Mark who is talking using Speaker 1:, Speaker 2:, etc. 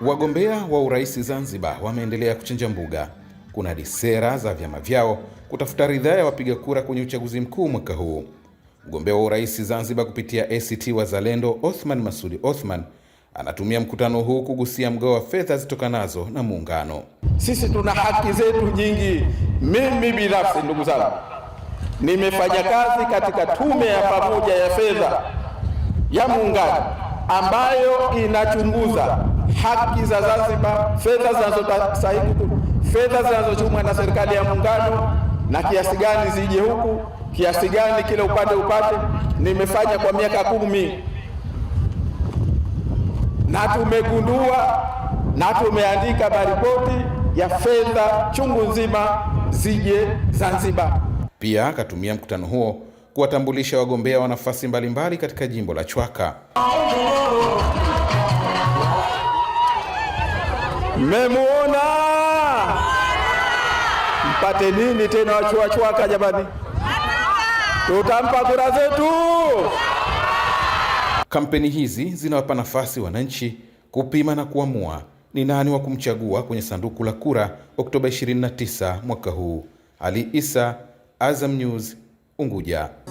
Speaker 1: Wagombea wa urais Zanzibar wameendelea kuchinja mbuga, kunadi sera za vyama vyao kutafuta ridhaa ya wapiga kura kwenye uchaguzi mkuu mwaka huu. Mgombea wa urais Zanzibar kupitia ACT Wazalendo Othman Masudi Othman anatumia mkutano huu kugusia mgao wa fedha zitokanazo na muungano.
Speaker 2: Sisi tuna haki zetu nyingi. Mimi binafsi, ndugu zangu, nimefanya kazi katika tume ya pamoja ya fedha ya muungano ambayo inachunguza haki za Zanzibar, fedha zinazostahili, fedha zinazochumwa na serikali ya muungano, na kiasi gani zije huku, kiasi gani kile upande upate. Nimefanya kwa miaka kumi na tumegundua na tumeandika maripoti ya fedha chungu nzima zije Zanzibar.
Speaker 1: Pia akatumia mkutano huo kuwatambulisha wagombea wa nafasi mbalimbali katika jimbo la Chwaka.
Speaker 2: mmemuona mpate nini tena chwaka Jamani, tutampa kura zetu.
Speaker 1: Kampeni hizi zinawapa nafasi wananchi kupima na kuamua ni nani wa kumchagua kwenye sanduku la kura Oktoba 29 mwaka huu. Ali Isa, Azam News, Unguja.